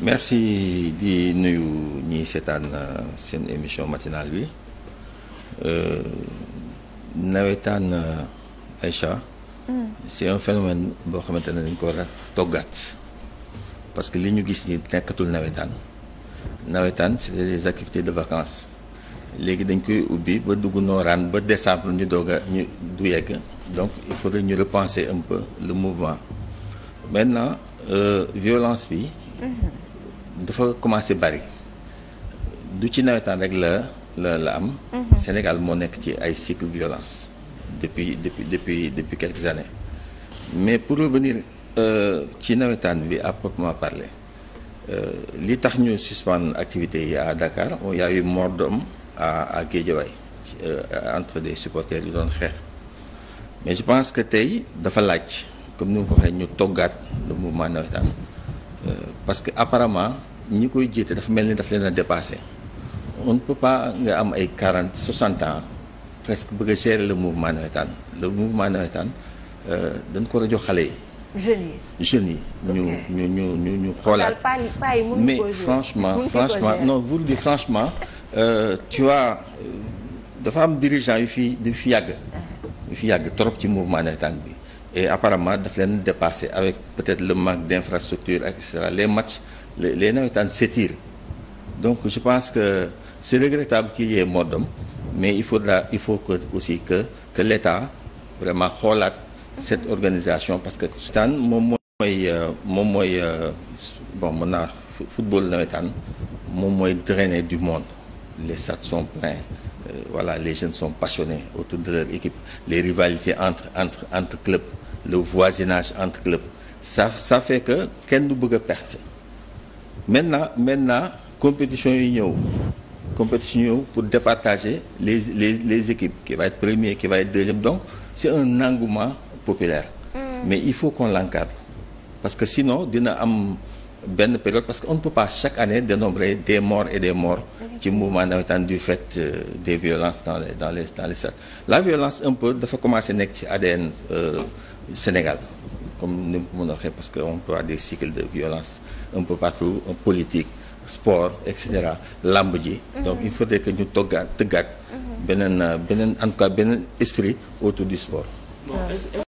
merci di nuyu ñiy seetaan euh, seen émission matinale bi euh, nawetaan euh, Aïcha mm. c'est un phénomène boo xamante ne dañ ko war a toggaat parce que li ñu gis ni nekkatul nawetaan nawetaan c'était des activités de vacances léegi dañ koy ubbi ba dugg nooraan ba décembre ñu doog ñu du yegg donc il faudrait ñu repenser un peu le mouvement maintenant euh, violence bi. Mm-hmm. dafa commencé bari du ci nawetaan rek la la la am. Mhm. Sénégal moo nekk ci ay cycle violence depuis depuis depuis depuis quelques années mais pour revenir euh, ci nawetaan bi à parle parler euh, li tax ñu suspendre activité yi à Dakar il oh, y a eu mort euh, entre des supporters yu doon xeex mais je pense que tey dafa laaj comme ni mu ko waxee ñu toggaat le mouvement nawetaan. parce que apparemment ñi koy jiite dafa mel ni daf leen a dépassé on ne pas nga am ay quarante soixante ans presque bëgg a gérer le mouvement nawetaan le mouvement nawetaan euh, dañ ko war a xale yi. jeunes yi jeunes yi. ñu ñu ñu ñu ñu xoolaat. mais franchement franchement non pour dire franchement euh, tu euh, dafa am dirigeant yi fi di fi yàgg. Ah. yu fi yàgg trop ci mouvement nawetaan bi. et apparemment daf leen dépassé avec peut-être le manque d'infrastructure et cetera les matchs les les nawetaan s'étirent donc je pense que c'est regrettable qu'il y ait mort d'homme mais il faudra il faut que aussi que que l'État vraiment xoolaat cette organisation parce que taan moom mooy euh, moom mooy euh, bon mën naa football nawetaan moom mooy drainer du monde les stades sont pleins euh, voilà les jeunes sont passionnés autour de leur équipe les rivalités entre entre entre clubs le voisinage entre club ça ça fait que kenn du bëgg a perte maintenant maintenant compétition yi ñëw compétition yi ñëw pour départager les les les équipes qui va être premier qui va être deuxième donc c'est un engouement populaire mm. mais il faut qu'on l'encadre parce que sinon dina am benn période parce que on ne peut pas chaque année dénombrer des morts et des morts ci mouvement nawetaan du fait euh, des violences dans les dans la violence un peu dafa commencer nekk ci ADN euh, Sénégal comme ni mu ko mën a waxee parce que on peut des cycles de violence un peu partout en euh, politique sport et cetera làmb ji. donc il faudrait que ñu toggaat tëggaat. Mhm. beneen euh, beneen en cas beneen esprit autour du sport. Bon.